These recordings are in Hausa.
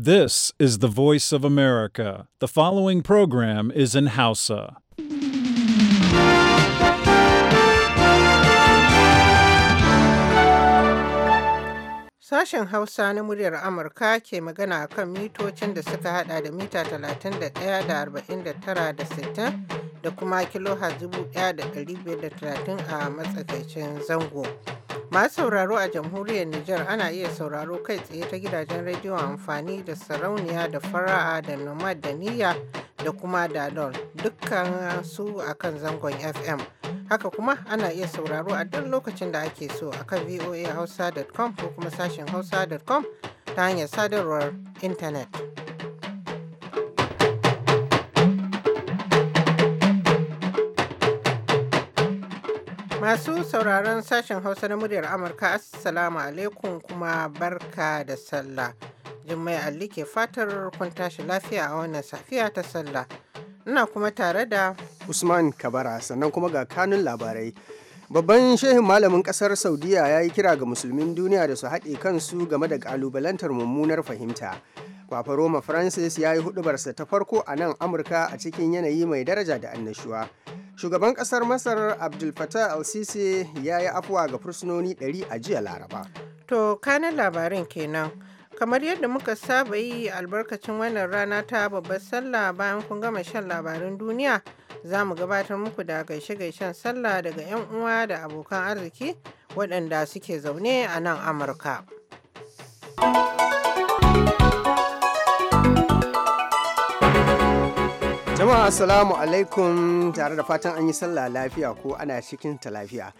This is the voice of America. The following program is in Hausa. Sashen Hausa na muryar Amurka ke magana kan mitocin da suka hada da mita 31 da 49 da 60 da kuma kilohertz 1530 a matsakaicin zango. Masu sauraro a jamhuriyar Nijar ana iya sauraro kai tsaye ta gidajen rediyo amfani da sarauniya da fara'a da nomad da niyya da kuma dalol dukkan su akan zangon FM. Haka kuma ana iya sauraro a duk lokacin da ake so akan voahausa.com ko kuma sashen hausa.com ta hanyar sadarwar intanet. Masu sauraron sashen Hausa na muryar Amurka, Assalamu alaikum kuma barka da sallah. Jummai alli ke fatar kun tashi lafiya a wannan safiya ta sallah. Ina kuma tare da Usman Kabara sannan kuma ga kanun labarai. Babban shehin malamin kasar Saudiya ya yi kira ga musulmin duniya da su haɗe kansu game da ƙalubalantar mummunar fahimta. kwafa Roma Francis ya yi hudubarsa ta farko a nan Amurka a cikin yanayi mai daraja da annashuwa. Shugaban kasar Masar Abdul Fattah al-Sisi ya yi afuwa ga fursunoni 100 a jiya Laraba. To, kanan labarin kenan. Kamar yadda muka saba yi albarkacin wannan rana ta babbar sallah bayan kun gama shan labarin duniya, za mu gabatar muku da gaishe-gaishen sallah daga 'yan uwa da abokan arziki waɗanda suke zaune a nan Amurka. Jama'a Assalamu alaikum tare da fatan an yi sallah lafiya ko ana cikin ta lafiya.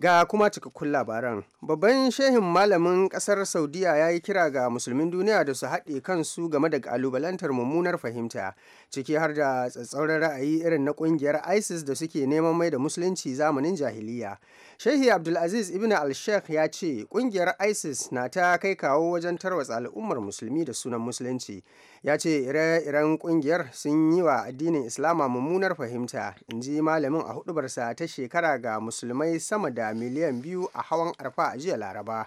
Ga kuma cikakkun labaran, babban shehin malamin kasar Saudiya ya yi kira ga musulmin duniya da su haɗe kansu game da ƙalubalantar mummunar fahimta, ciki har da tsatsauran ra'ayi irin na ƙungiyar ISIS da suke neman mai da musulunci zamanin jahiliya. Shehi Abdulaziz Ibn al-Sheikh ya ce kungiyar ISIS na ta kai kawo wajen tarwatsa al'ummar musulmi da sunan musulunci. Ya ce ire-iren kungiyar sun yi wa addinin Islama mummunar fahimta, in ji malamin a hudubarsa ta shekara ga musulmai sama da miliyan biyu a hawan arfa a jiya Laraba.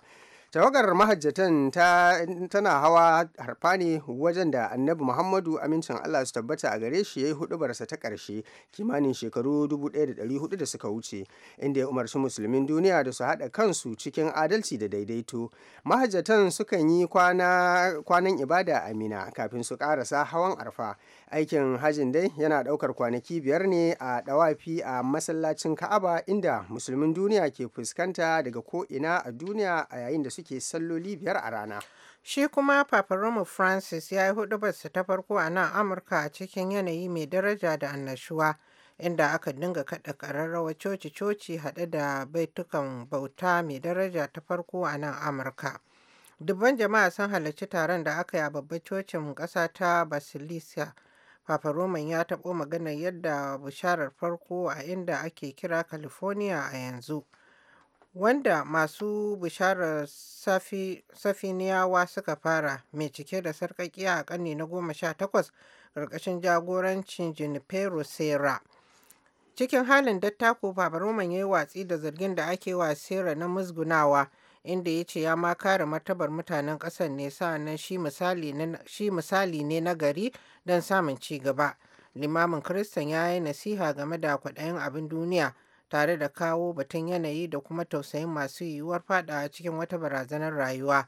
tawagar mahajjatan ta tana hawa harfa ne wajen da annabi muhammadu amincin allah su tabbata a gare shi ya yi hudubarsa ta karshe kimanin shekaru 1400 da suka wuce inda ya umarci musulmin duniya da su haɗa kansu cikin adalci da daidaito mahajjatan sukan yi kwanan ibada a mina kafin su ƙarasa hawan arfa aikin hajin dai yana ɗaukar kwanaki biyar ne a ɗawafi a masallacin ka'aba inda musulmin duniya ke fuskanta daga ko'ina a duniya a yayin da suke salloli biyar a rana shi kuma papa roma francis ya yi hudu basu ta farko a nan amurka a cikin yanayi mai daraja da annashuwa inda aka dinga kaɗa ƙararrawa coci-coci haɗe da baitukan bauta mai daraja ta farko a nan amurka dubban jama'a sun halarci taron da aka yi a babbar cocin ƙasa ta basilisa Papa Roman ya taɓo magana yadda bisharar farko a inda ake kira California a yanzu. Wanda masu bisharar safiniyawa suka fara mai cike da sarƙaƙiya a ƙarni na goma sha takwas ƙarƙashin jagorancin Junipero Serra. Cikin halin dattako, Papa Roman ya yi watsi da zargin da ake wa Serra na musgunawa inda ya ce ya ma kare martabar mutanen kasar ne sa'annan shi misali ne na gari don samun ci gaba. Limamin Kiristan ya yi nasiha game da kwaɗayin abin duniya tare da kawo batun yanayi da kuma tausayin masu yiwuwar fada cikin wata barazanar rayuwa.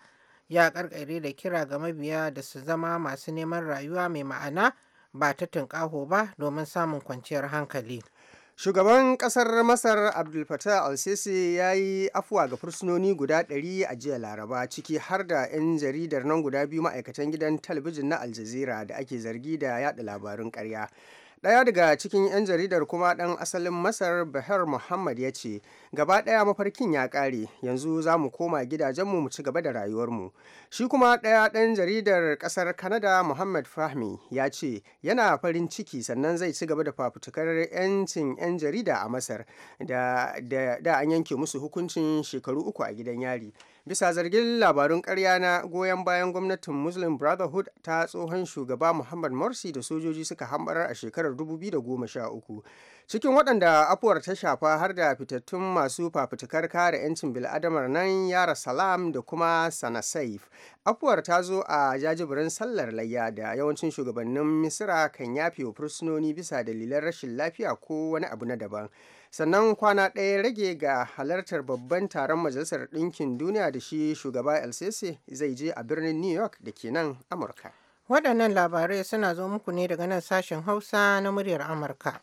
Ya ƙarƙare da kira ga mabiya da su zama masu neman rayuwa mai ma'ana ba ta tunƙaho ba domin samun kwanciyar hankali. Shugaban ƙasar Masar Abdul Fattah al-Sisi ya yi afuwa ga fursunoni guda ɗari a jiya Laraba ciki har da 'yan jaridar nan guda biyu ma'aikatan gidan talabijin na Al Jazeera da ake zargi da yada labarun ƙarya. Ɗaya daga cikin 'yan jaridar kuma ɗan asalin Masar Bahar Muhammad ya ce, Gaba ɗaya mafarkin ya ƙare, yanzu za mu koma gidajenmu mu ci gaba da rayuwarmu. Shi kuma ɗaya ɗan jaridar ƙasar Canada Muhammad Fahmi ya ce yana farin ciki sannan zai ci gaba da fafutukar 'yancin 'yan jarida a Masar da, an yanke musu hukuncin shekaru uku a gidan yari. bisa zargin labarun karya na goyon bayan gwamnatin muslim brotherhood ta tsohon shugaba muhammad morsi da sojoji suka hambarar a shekarar 2013 cikin waɗanda afuwar ta shafa har da fitattun masu fafutukar kare 'yancin bil'adamar nan yara salam da kuma sana saif afuwar ta zo a jajibirin sallar layya da yawancin shugabannin misira kan yafe wa fursunoni bisa dalilan rashin lafiya ko wani abu na daban sannan kwana ɗaya rage ga halartar babban taron majalisar ɗinkin duniya da shi shugaba el zai je a birnin new york da ke nan amurka waɗannan labarai suna zo muku ne daga nan sashen hausa na muryar amurka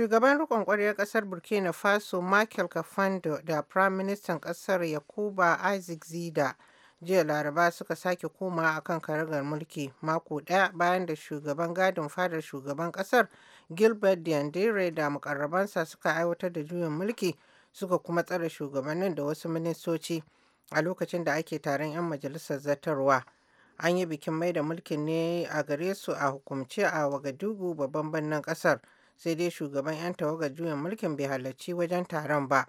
Shugaban rikon ƙwaryar ƙasar Burkina Faso michael Kafando da minister ƙasar Yakuba Isaac Zida jiya Laraba suka sake koma akan karagar mulki mako ɗaya bayan da shugaban gadin fadar shugaban ƙasar Gilbert Diandere da mukarrabansa suka aiwatar da juyin mulki suka kuma tsare shugabannin da wasu ministoci a lokacin da ake taron 'yan majalisar zartarwa. An yi bikin mai da mulkin ne a gare su a hukumce a Wagadugu babban birnin ƙasar. sai dai shugaban 'yan tawagar juyin mulkin bai halarci wajen taron ba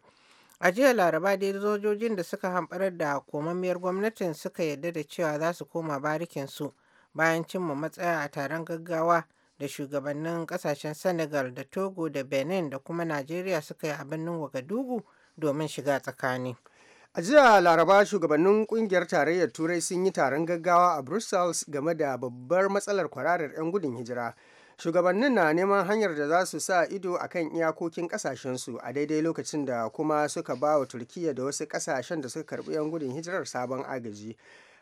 a jiya laraba dai sojojin da suka hamɓarar da komammiyar gwamnatin suka yarda da cewa za su koma barikin su bayan cimma matsaya a taron gaggawa da shugabannin kasashen senegal da togo da benin da kuma najeriya suka yi a birnin wagadugu domin shiga tsakani a jiya laraba shugabannin kungiyar tarayyar turai sun yi taron gaggawa a brussels game da babbar matsalar kwararar 'yan gudun hijira shugabannin na neman hanyar da za su sa ido a kan iyakokin kasashensu a daidai lokacin da kuma suka ba wa turkiya da wasu kasashen da suka karbi 'yan gudun hijirar sabon agaji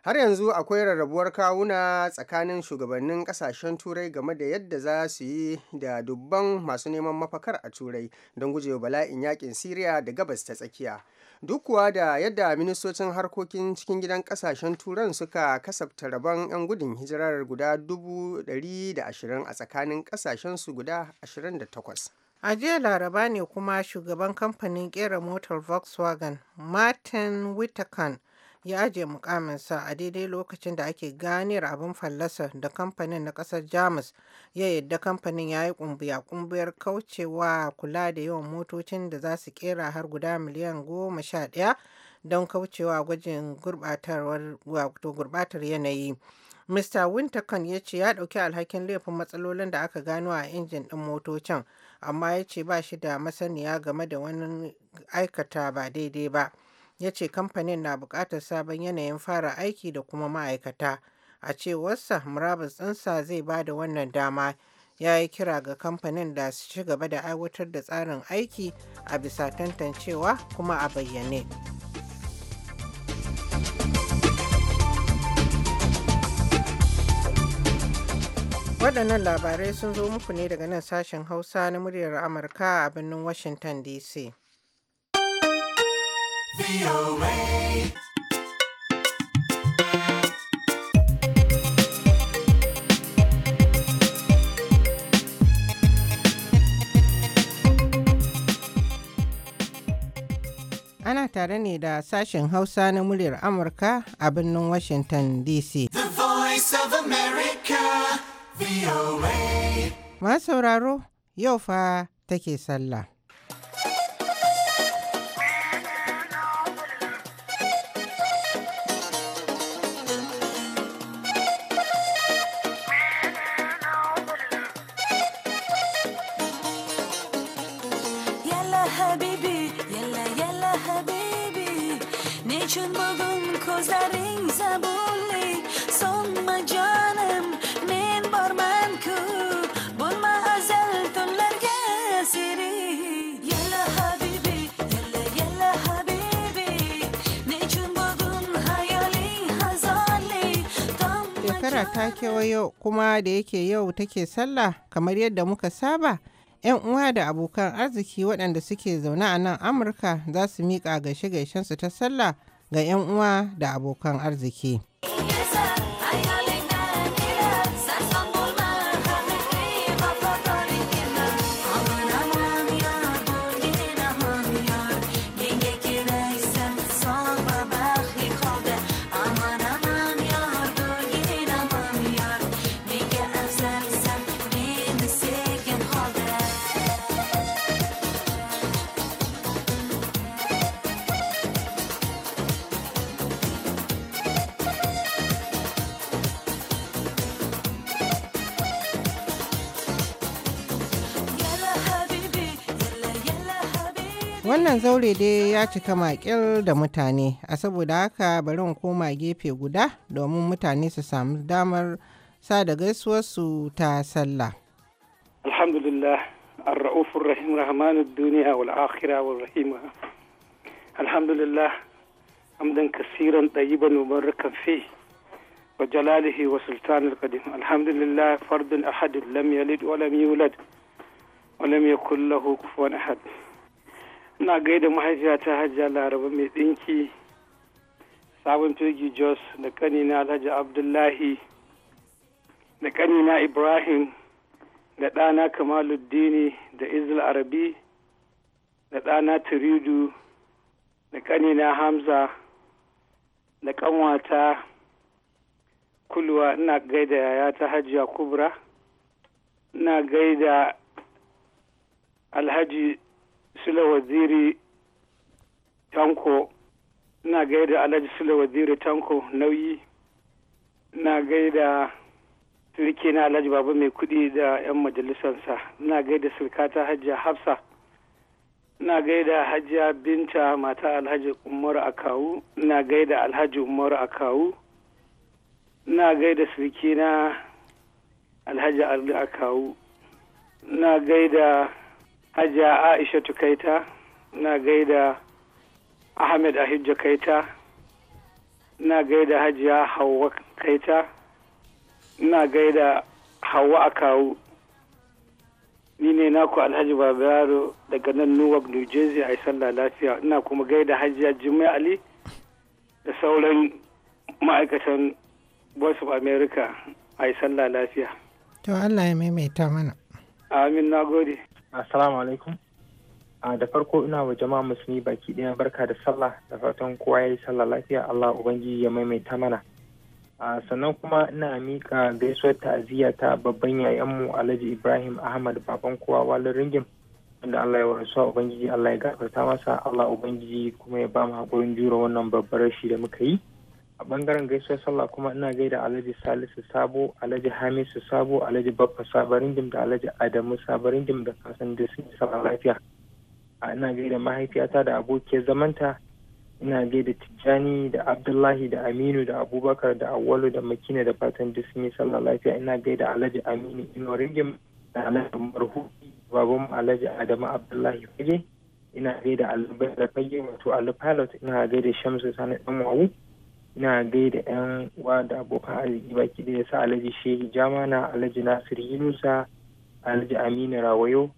har yanzu akwai rarrabuwar kawuna tsakanin shugabannin kasashen turai game da yadda za su yi da dubban masu neman mafakar a turai don gujewa bala'in yakin siriya da gabas ta tsakiya duk kuwa da yadda ministocin harkokin cikin gidan kasashen turan suka kasafta rabon 'yan gudun hijirar guda 120 a tsakanin kasashen su guda 28 a jiya laraba ne kuma shugaban kamfanin kera motar volkswagen martin wittekan ya ajiye mukaminsa a daidai lokacin da ake ganiyar abin fallasa da kamfanin na kasar jamus ya yadda kamfanin ya yi kumbiya kumbiyar kaucewa kula da yawan motocin da za su kera har guda miliyan goma sha ɗaya don kaucewa gwajin gurbatar yanayi mr wintercon ya ce ya ɗauki alhakin laifin matsalolin da aka gano a injin ɗin motocin amma ya ce ba shi da masaniya game da wani aikata ba daidai ba. ya ce kamfanin na bukatar sabon yanayin fara aiki da kuma ma'aikata a cewarsa murabus ɗinsa zai ba da wannan dama ya yi kira ga kamfanin da su ci gaba da aiwatar da tsarin aiki a bisa tantancewa kuma a bayyane. waɗannan labarai sun zo muku ne daga nan sashen hausa na muryar amurka a birnin washington dc Ana tare ne da sashen Hausa na muryar Amurka a birnin Washington DC. The America, VOA. Ma sauraro, yau fa take sallah. shekara ta kewayo kuma da yake yau take sallah kamar yadda muka saba 'yan uwa da abokan arziki waɗanda suke zaune a nan amurka za su miƙa gaishe su ta sallah ga 'yan uwa da abokan arziki. Wannan zaure dai ya cika makil da mutane, a saboda haka bari in koma gefe guda domin mutane su samu damar sada gaisuwarsu ta sallah. Alhamdulillah, ar-ra'ufur rahim rahmanud duniya wal akhira wal rahima. Alhamdulillah, amdan kasiran ɗayiban mubarakan fi wa jalalihi wa sultanul qadim. Alhamdulillah, fardun ahadun lam yalid wa lam yulad wa lam yakul lahu kufuwan ahad. ina gaida mahaifiyata hajja laraba mai ɗinki sabon turgi jos da kanina alhaji abdullahi da kanina ibrahim da ɗana kamaluddini da izil arabi da ɗana turidu da kanina hamza da kanwata kulwa ina gaida yaya ta hajiya kubra ina gaida alhaji sule waziri tanko ina gaida alhaji sule waziri tanko nauyi ina gaida sirki na alhaji Babu mai kudi da 'yan majalisansa, ina gaida sirkata Hajiya hafsa ina gaida Hajiya binta mata alhaji umar akawu ina gaida alhaji umar akawu ina gaida sirki na alhaji ardu akawu ina gaida hajiya aisha kaita na gaida ahmed ahijja kaita na gaida hajiya hauwa kaita na gaida hauwa akawu ni ne naku alhaji babaro daga nan newark new jersey a sallah lafiya ina kuma gaida hajiya jimai ali da sauran ma'aikatan voice of america a sallah lafiya to allah ya maimaita mana amin na gode Assalamu alaikum. A da farko ina wa jama'a musulmi baki ɗaya barka da sallah da fatan kowa ya yi sallah lafiya Allah Ubangiji ya maimaita mana. sannan kuma ina mika gaisuwar ta'aziyya ta babban yayanmu Alhaji Ibrahim Ahmad baban kowa walin ringin wanda Allah ya warasuwa Ubangiji Allah ya gafarta masa Allah Ubangiji kuma ya ba mu jure jura wannan babbar rashi da muka yi. a bangaren gaisuwar sallah kuma ina gaida alhaji salisu sabo alhaji hamisu sabo alhaji baffa sabarin dim da alhaji adamu sabarin dim da kasan da sun sama lafiya ina gaida mahaifiyata da abokiyar zamanta ina gaida tijjani da abdullahi da aminu da abubakar da awwalu da makina da fatan da sun yi sallah lafiya ina gaida alhaji aminu ino rigim da alhaji marhu baban alhaji adamu abdullahi fage ina gaida alhaji fage wato alhaji pilot ina gaida shamsu sani dan ina gaida yan uwa da abokan arziki baki da yasa alhaji shehi jamana alhaji nasir yunusa alhaji aminu rawayo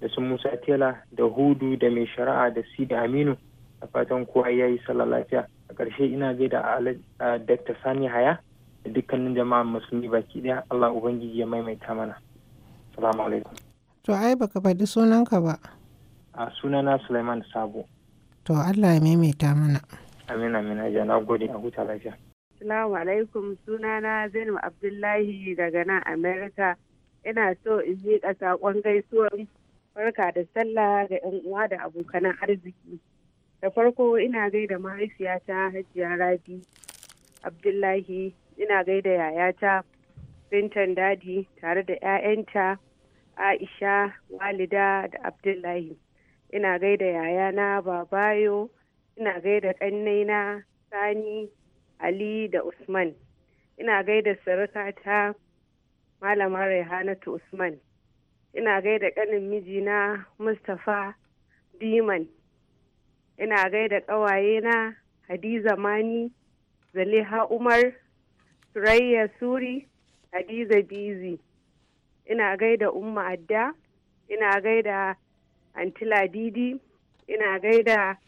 da su musa tela da hudu da mai shari'a da si da aminu a fatan kowa ya yi sallah lafiya a ƙarshe ina gaida dakta sani haya da dukkanin jama'a musulmi baki daya allah ubangiji ya maimaita mana salamu alaikum to ai baka faɗi sunanka ba a sunana suleiman sabo to allah ya maimaita mana amin amin aja na gode a huta lafiya Assalamu alaikum sunana Zainab Abdullahi daga nan Amerika. Ina so in miƙa saƙon gaisuwar farka da sallah ga 'yan uwa da abokan arziki. Da farko ina gaida mahaifiyata Hajiya Rabi Abdullahi, ina gaida yayata Bintan Dadi tare da 'ya'yanta Aisha, Walida da Abdullahi. Ina gaida yayana Babayo ina gaida ƙannaina sani ali da usman ina gaida ta malama raihanatu usman ina gaida ƙanin mijina mustapha diman ina gaida ƙawayena hadiza mani zaliha umar Turaiya, suri hadiza bizi ina gaida umma adda ina gaida antila ina gaida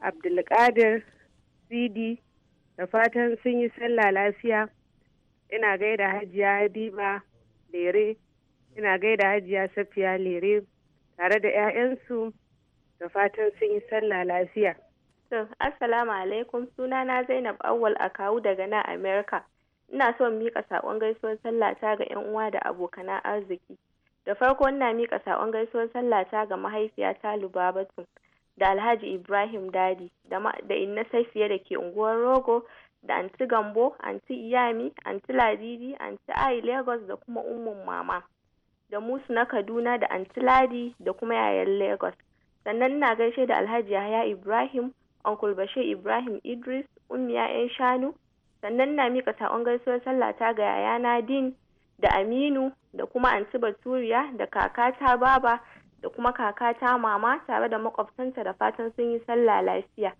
abdulkadir sidi da fatan sun yi sallah lafiya ina gaida hajiya habiba lere ina gaida hajiya safiya lere tare da 'ya'yansu da fatan sun yi sallah lafiya to assalamu alaikum sunana zainab awwal akawu daga na Amerika. ina so miƙa saƙon gaisuwar sallata ga 'yan uwa da abokana arziki da farko ina miƙa saƙon gaisuwar sallata ga mahaifiyata lubabatu da Alhaji Ibrahim Dadi da Inna Safiya da ke unguwar Rogo da Anti Gambo, Anti Iyami, Anti Ladidi, Anti Ai Lagos da kuma Ummun Mama. Da Musu na Kaduna da Anti Ladi da kuma yayan Lagos. Sannan ina gaishe da Alhaji Yahaya Ibrahim, Uncle Bashir Ibrahim Idris, Ummiya 'yan shanu. Sannan na mika saƙon gaisuwar sallata ga yayana Din da Aminu da kuma Anti Baturiya da kakata Baba da kuma kakata mama tare da makwabtanta da fatan sun yi sallah lafiya.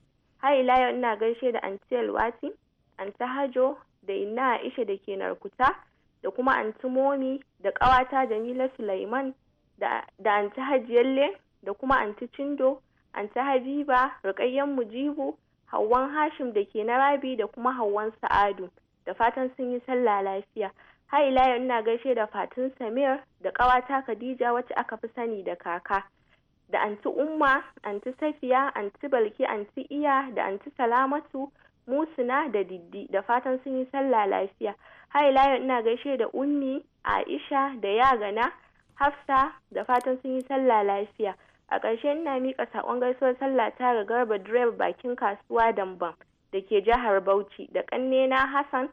Har ila yau ina gaishe da Anti Alwati, Anti Hajo, da Inna Aisha da ke Narkuta, da kuma Anti Momi, da ƙawata Jamila Sulaiman, da Anti Hajiyalle, da kuma Anti Cindo, Anti Habiba, Rukayyen Mujibu, Hawwan Hashim da ke Rabi, da kuma Hawwan Sa'adu. Da fatan sun yi sallah lafiya. har ila yau ina gaishe da fatun samir da kawata khadija wacce aka fi sani da kaka da anti umma anti safiya anti balki anti iya da anti salamatu musina da diddi da fatan sun yi sallah lafiya har ila yau ina gaishe da unni aisha da yagana hafsa da fatan sun yi sallah lafiya a ƙarshe ina miƙa saƙon gaisuwar sallah ta ga garba direba bakin kasuwa damban da ke jihar bauchi da ƙannena hassan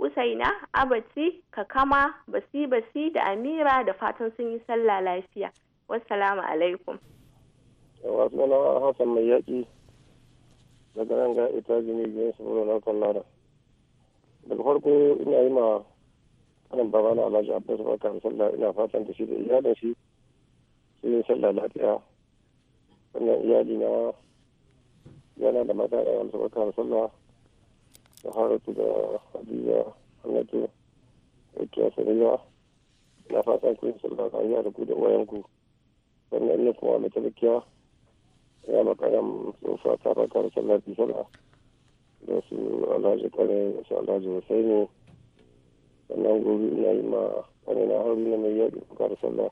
Usaina, Abaci, Kakama, Basi Basi da Amira da fatan sun yi sallah lafiya. Wassalamu alaikum. Wasu Hassan mai yaƙi daga nan ga ita jini biyan su na kallara Daga farko ina yi ma kanan baba na Alhaji Abbas barka sallah ina fatan da shi da iyalin shi sun yi sallah lafiya. Wannan iyali na yana da mata da yanzu barka sallah. da haratu da hadiza hannatu da kiya sarayya na fatan kun sulka kariya ku da wayanku sannan ina kuma mai talakiya ya makaram tsofa ta fakar sallar sallah da su alhaji kare da su alhaji husaini sannan gobe ina yi ma kare na hauri na mai yadda fakar sallah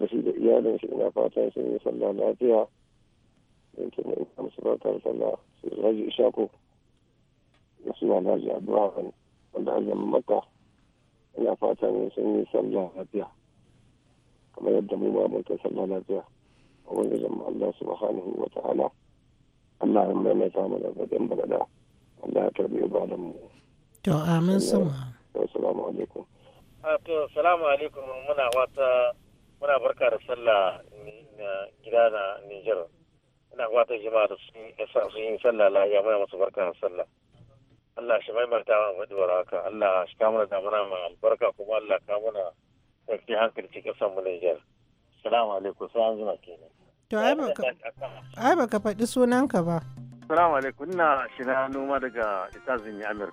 da shi da iyalin shi ina fatan sun yi sallah lafiya da ke musu sallah su alhaji da suna alhaji abdulrahman wanda an zama maka ina fatan sun yi sallah lafiya kamar yadda mu ba mun kai sallah lafiya wanda zama allah subhanahu wa ta'ala allah ya maimaita mana bakin allah ya karbi ibadan mu to amin sama assalamu alaikum ah, to salamu alaikum muna wata muna barka da sallah gida na Nijar. Ina wata jama'a da sun yi sallah lafiya muna masu barka da sallah. Allah shi maimaita wa maduwar haka Allah shi kamar da mana mai albarka kuma Allah ka mana ɗauki hankali cikin san mu Niger. Salamu alaikum sai an zuma kenan. To ai baka faɗi sunanka ba. Salamu alaikum ina shina noma daga Itazin Amir.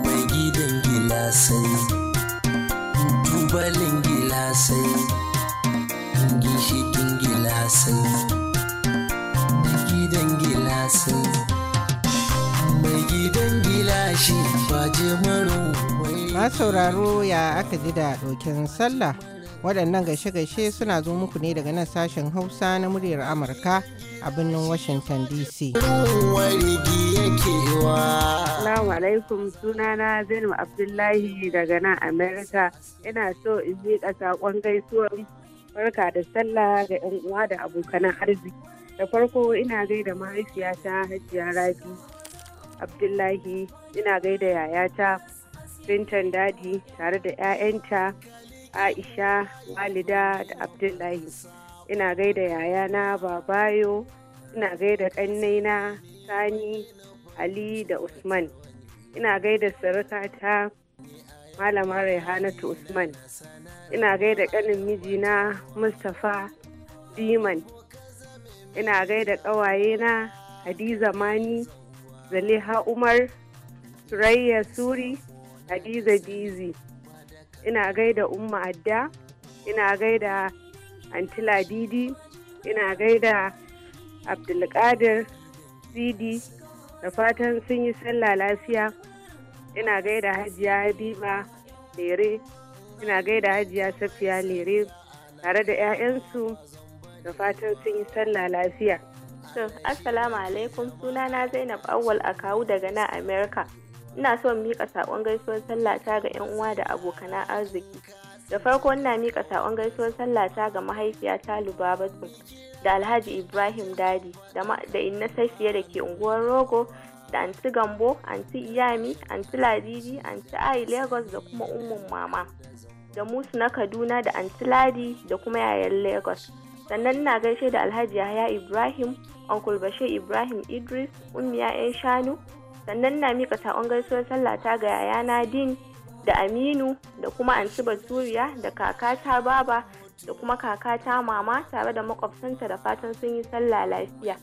Mai gidan gila sai dangi shi dingila sai dangi dangila sai mai gidan gila shi ba je maro ma sauraro ya aka ji da ɗokin sallah waɗannan gaishe-gaishe suna zo muku ne daga nan sashen hausa na muryar amurka a birnin washington dc Assalamu alaikum sunana Zainab Abdullahi daga nan Amerika ina so in miƙa saƙon gaisuwar farka da sallah ga 'yan uwa da abokan arziki da farko ina gaida mahaifiyata hajiya rabi abdullahi ina gaida yayata bintan dadi tare da 'ya'yanta aisha walida da abdullahi ina gaida yayana babayo ina gaida ƙannaina sani ali da usman ina gaida malamar malama raihanatu usman ina gaida ƙanin mijina mustapha diman ina gaida ƙawayena hadiza mani zaliha umar surayya suri hadiza dizi ina gaida umma adda ina gaida antila didi ina gaida abdulkadir sidi da fatan sun yi sallah lafiya ina gaida hajiya habiba lere ina gaida hajiya safiya lere tare da 'ya'yansu da fatan sun yi sallah lafiya. Assalamu alaikum sunana Zainab Awwal a kawu daga na Amerika. ina so mika saƙon gaisuwar sallata ga 'yan uwa da abokana arziki da farko ina mika saƙon gaisuwar sallata ga mahaifiyata lubabatu da alhaji ibrahim dadi da inna safiya da ke unguwar rogo da anti gambo anti iyami anti ladidi anti ai lagos da kuma ummun mama da musu na kaduna da anti ladi da kuma yayan lagos sannan ina gaishe da alhaji yahaya ibrahim uncle bashir ibrahim idris ummiya yan shanu sannan na mika saƙon gaisuwar sallata ga yayana din da aminu da kuma anti baturiya da kakata baba da kuma kakata mama tare da makwabtanta da fatan sun yi sallah lafiya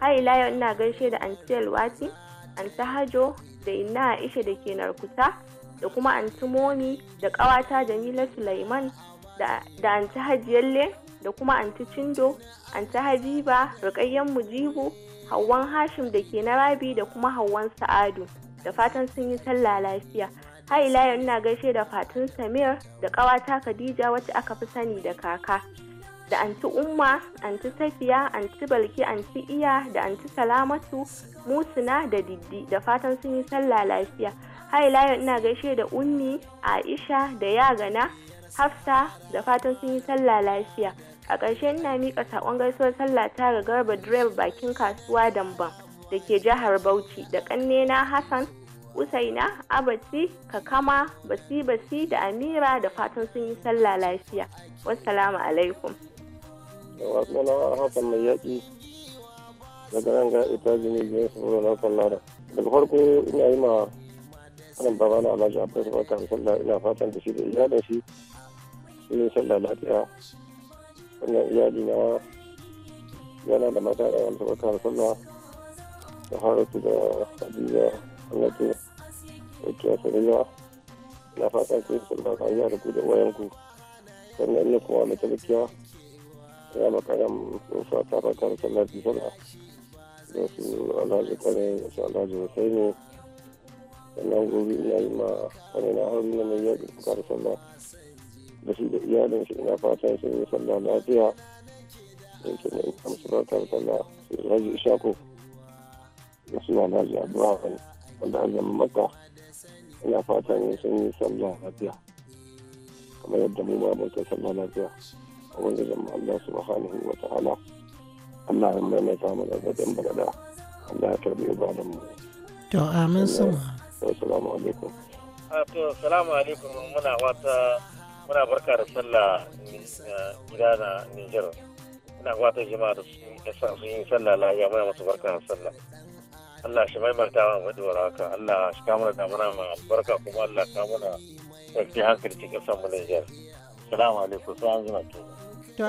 har ila yau ina gaishe da anti alwati anti hajo da inna aisha da ke narkuta da kuma anti momi da ƙawata jamila sulaiman da anti hajiyalle da kuma anti cindo anti habiba rukayyen mujibu Hauwan Hashim da ke na Rabi da kuma Hauwan Sa'adu. Da fatan sun yi sallah lafiya. Har ila yau ina gaishe da Fatun Samir da ƙawata Khadija wacce aka fi sani da kaka. Da anti Umma, anti Safiya, anti Balki, anti Iya da anti Salamatu, Musuna da Diddi da fatan sun yi sallah lafiya. Har ila yau ina gaishe da Ummi, Aisha da Yagana, Hafsa da fatan sun yi sallah lafiya. a ƙarshe ina miƙa saƙon gaisuwar sallah ta ga garba direba bakin kasuwa damban da ke jihar bauchi da ƙannena hassan usaina abati kakama basi basi da amira da fatan sun yi sallah lafiya wassalamu alaikum wasu mai daga nan ga ita jini jini su na sallara daga farko ina yi ma kanan baba na alhaji abdullahi barka sallah ina fatan da shi da da shi su yi sallah lafiya sannan iyali na yana da mata da wani sabata da sunna da haratu da hadiza Allah ke ɗauki sarayya na fata ke sunna kan yi da da wayanku sannan ina kuma na talakiya ya makaram ta fata da sunna fi sunna da su alhaji kare da su alhaji husaini sannan gobe ina yi ma kare na hauri mai yaƙi kuka da sallah. da shi da iyalin shi ina fatan sun yi sallah lafiya yake da ita masarautar sallah su raji ishako da su suna laji abdullahi wanda an zama maka ina fatan sun yi sallah lafiya kamar yadda mu ma mun sallah lafiya a wani zama allah su subhanahu wa ta'ala allah ya mai mai samun zaɓen bagada allah ya karɓi ibadan mu. to amin sama. assalamu alaikum. to salamu alaikum muna wata muna barka da sallah eh, gida na Nijar. Ina wata jama'a da su yi sallah lafiya muna masu barka da sallah. Allah shi mai marta wa mai dora haka Allah shi kamuna da muna ma barka kuma Allah kamuna ɗauki hankali cikin san mu Nijar. Salamu alaikum sai an zuna to. To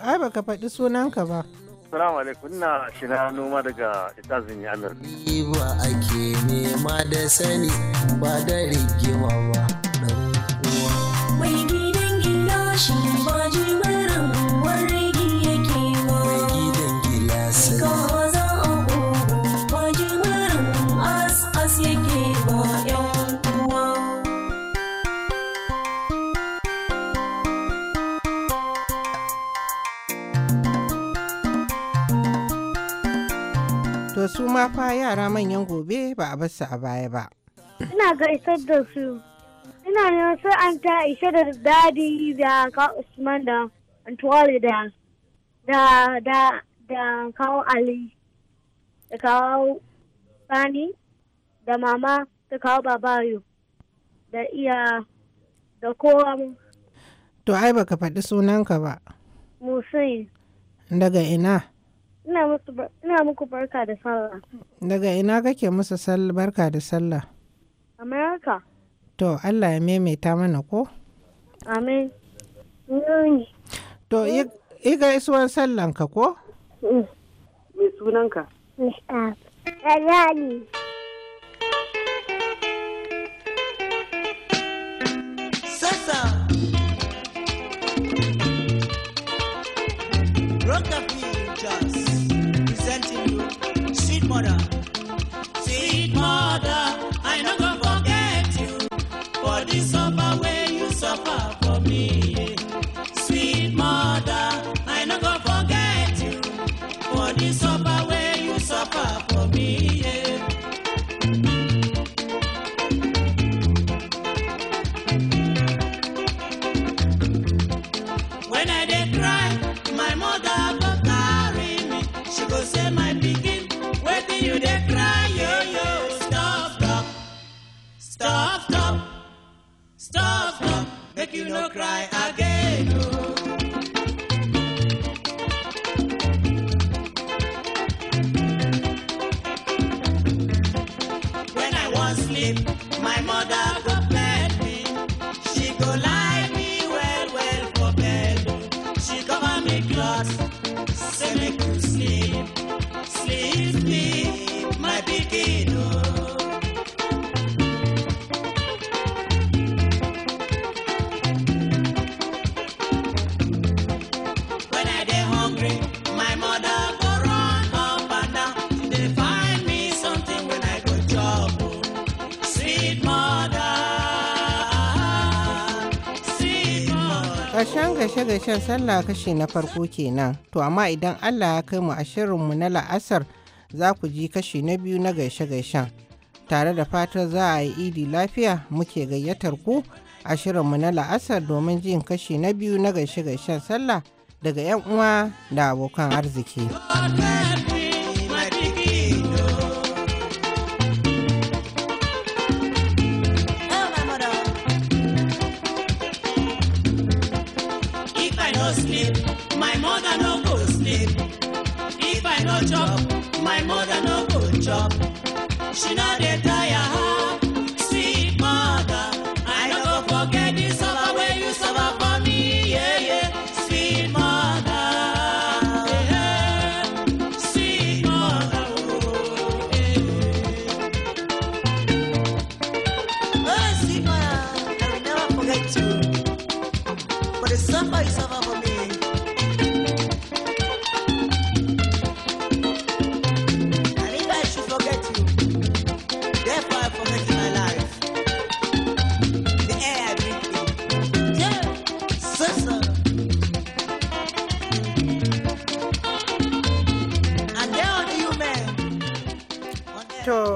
ai baka faɗi sunanka ba. Salamu alaikum ina shina noma daga Itazin Yamir. Ba ake nema da sani ba da rigima ba. To su ma fa yara manyan gobe ba a basu a baya ba. Ina ga isar da su. Ina ne sai an ta isa da dadi da ka Usman da Antuwali da da da da kawo Ali da kawo Sani da mama da kawo Babayo da iya da kowa. To ai baka faɗi sunanka ba. Musin. Daga ina? Ina muku barka da sallah. Daga ina kake musu barka da sallah? Amerika. To Allah ya maimaita mana ko? Amin. To iga isuwan sallanka ko? Mm. mai sunanka? Mustafa. Ah, Alali. sleep. My mother go bed me. She go lie me well, well for bed. She cover me clothes, say me you sleep. Sleep me, my begin. gashe sallah kashi na farko kenan, to amma idan Allah ya kai mu a shirinmu na la'asar za ku ji kashi na biyu na gaishe-gaishen. Tare da fatar za a yi idi lafiya muke gayyatar ku a shirinmu na la'asar domin jin kashi na biyu na gaishe-gaishen sallah daga 'yan uwa da abokan arziki.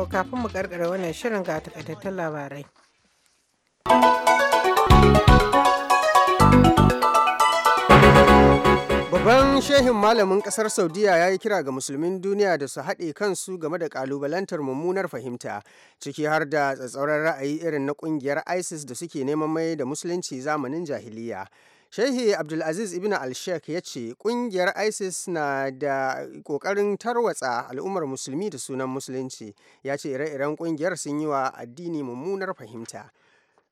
kafin mu karkara wannan shirin ga takaitattun labarai. Babban shehin malamin kasar Saudiya ya yi kira ga musulmin duniya da su haɗe kansu game da ƙalubalantar mummunar fahimta, ciki har da tsatsauran ra'ayi irin na ƙungiyar ISIS da suke neman mai da musulunci zamanin jahiliya. Shehi Abdulaziz Ibn Al-Sheikh ya ce ƙungiyar ISIS na da ƙoƙarin tarwatsa al'ummar musulmi da sunan musulunci, ya ce ire-iren ƙungiyar sun yi wa addini mummunar fahimta.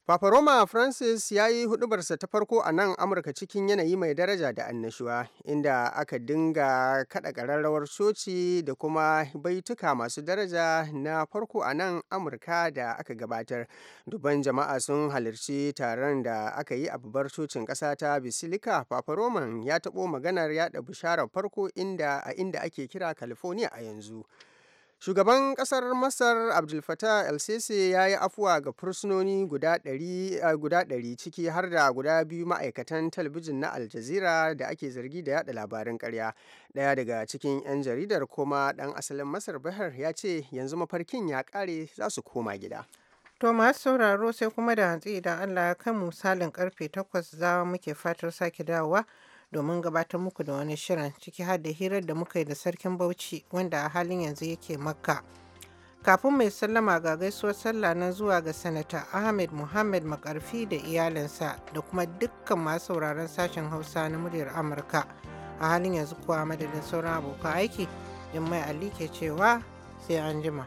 Papa Roma Francis ya yi hudubarsa ta farko a nan Amurka cikin yanayi mai daraja da annashuwa, inda aka dinga kada kararrawar coci da kuma baituka masu daraja na farko a nan Amurka da aka gabatar. Duban jama'a sun halarci taron da aka yi a babbar cocin ƙasa ta bisilika Papa Roman ya taɓo maganar yaɗa bisharar farko inda a inda ake kira California a yanzu. Shugaban ƙasar Masar abdul Fattah el-Sisi ya yi afuwa ga fursunoni eh, guda ɗari ciki har da guda biyu ma'aikatan talabijin na Al Jazeera da ake zargi da yaɗa labarin ƙarya. Ɗaya daga cikin 'yan jaridar kuma ɗan asalin Masar Bahar ya ce yanzu mafarkin ya ƙare za su koma gida. To masu sauraro sai kuma da hantsi idan Allah ya kai misalin ƙarfe takwas za muke fatar sake dawowa. domin gabatar muku da wani shirin ciki har da hirar da muka yi da sarkin Bauchi wanda a halin yanzu yake Makka. Kafin mai sallama ga gaisuwar sallah na zuwa ga Sanata Ahmed Muhammad Makarfi da iyalinsa da kuma dukkan masu sauraron sashen Hausa na muryar Amurka. A halin yanzu kuwa madadin sauran abokan aiki, Jummai Ali ke cewa sai an jima.